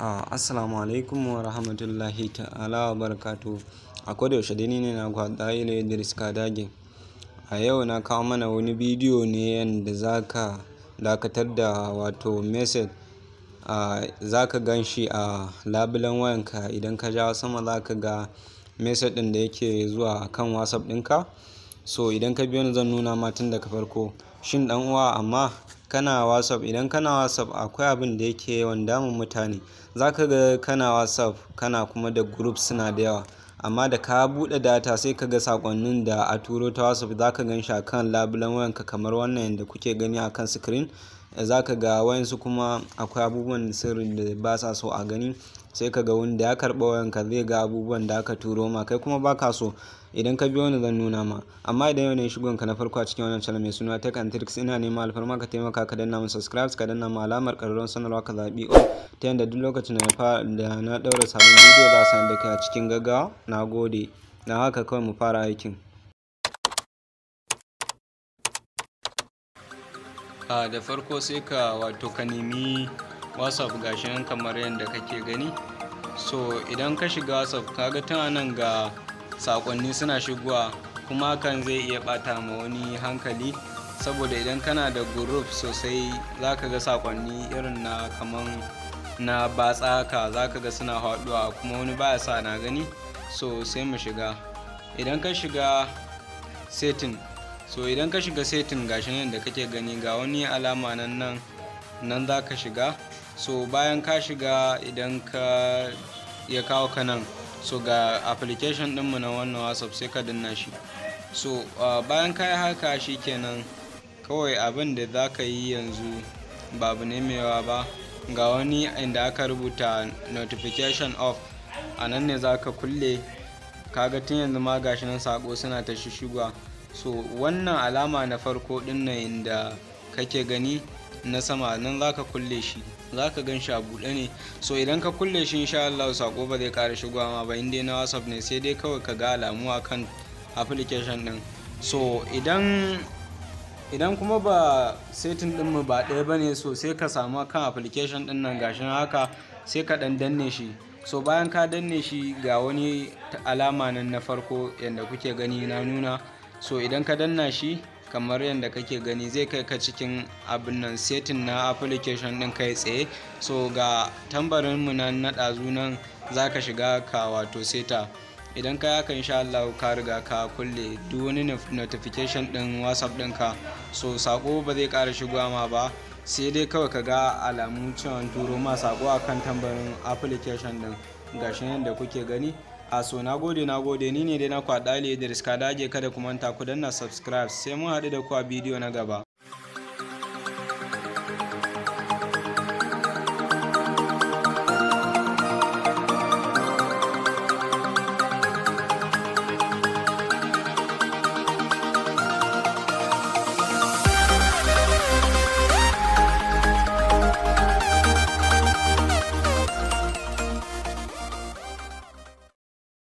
Ah, assalamu alaikum wa rahmatullahi ta'ala wa barakatu a kodayaushe dai ne na kwada ila idris kadage a yau na kawo mana wani bidiyo ne yadda za ka dakatar da wato message ah, za ka gan shi a labulen wayan ka idan ka ja sama za ka ga message ɗin da yake zuwa kan whatsapp ɗinka so idan ka biyo ni zan nuna ma tun daga farko shin dan uwa amma kana whatsapp idan kana whatsapp akwai abin da yake yawan damun mutane zaka ga kana whatsapp kana kuma da group suna da yawa amma da ka buɗe data sai ka ga sakonnin da a turo ta whatsapp zaka gan shi akan labulen wayanka kamar wannan yadda kuke gani akan screen za ka ga wayansu kuma akwai abubuwan sirrin da ba sa so a gani sai ka ga wanda ya karɓa wayanka zai ga abubuwan da aka turo ma kai kuma ba ka so idan ka biyo ni zan nuna ma amma idan yau ne shigon ka na farko a cikin wannan channel mai suna tech and tricks ina neman alfarma ka taimaka ka danna mun subscribe ka danna mun alamar karron sanarwa ka zabi all ta yadda duk lokacin da na daura sabon bidiyo za su da kai a cikin gaggawa na gode na haka kawai mu fara aikin a da farko sai ka wato ka nemi whatsapp gashin kamar yadda kake gani so idan ka shiga whatsapp kaga tun nan ga sakonni suna shigowa kuma kan zai iya bata ma wani hankali saboda idan kana da group sosai za ka ga sakonni irin na kaman na batsa ka za ka ga suna haɗuwa kuma wani baya sa na gani so sai mu shiga idan ka shiga setin. so idan ka shiga setting gashi nan da kake gani ga wani alama nan nan nan za ka shiga so bayan ka shiga idan ka ya kawo ka nan so ga application ɗinmu na wannan whatsapp sai ka danna shi so uh, bayan ka yi haka shi kenan kawai abin da za ka yi yanzu babu nemewa ba ga wani inda aka rubuta notification of a nan ne za ka kulle kaga tun yanzu ma gashi nan sako suna ta shishigwa so wannan alama na farko din nan inda kake gani na sama nan zaka kulle shi zaka gan shi a buɗe ne so idan ka kulle shi insha Allah sako ba zai ƙara shigowa ma ba inda na WhatsApp ne sai dai kawai ka ga alamu akan application din so idan idan kuma ba setting din mu ba ɗaya bane so sai ka samu kan application din nan gashin haka sai ka dan danne shi so bayan ka danne shi ga wani alama nan na farko yadda kuke gani na nuna so idan ka danna shi kamar yadda kake gani zai kai ka cikin abin nan setting na application din kai tsaye so ga tambarin mu nan na ɗazu nan za ka shiga ka wato seta idan ka yaka insha Allah ka riga ka kulle duk wani notification din whatsapp ka so sako ba zai kara shigowa ma ba sai dai kawai ka ga alamun cewa turo ma sako akan tambarin application din gashi yadda kuke gani a so na gode na gode ni ne dai na kwaɗa da riska dage kada ku manta ku danna subscribe sai mun haɗu da ku a bidiyo na gaba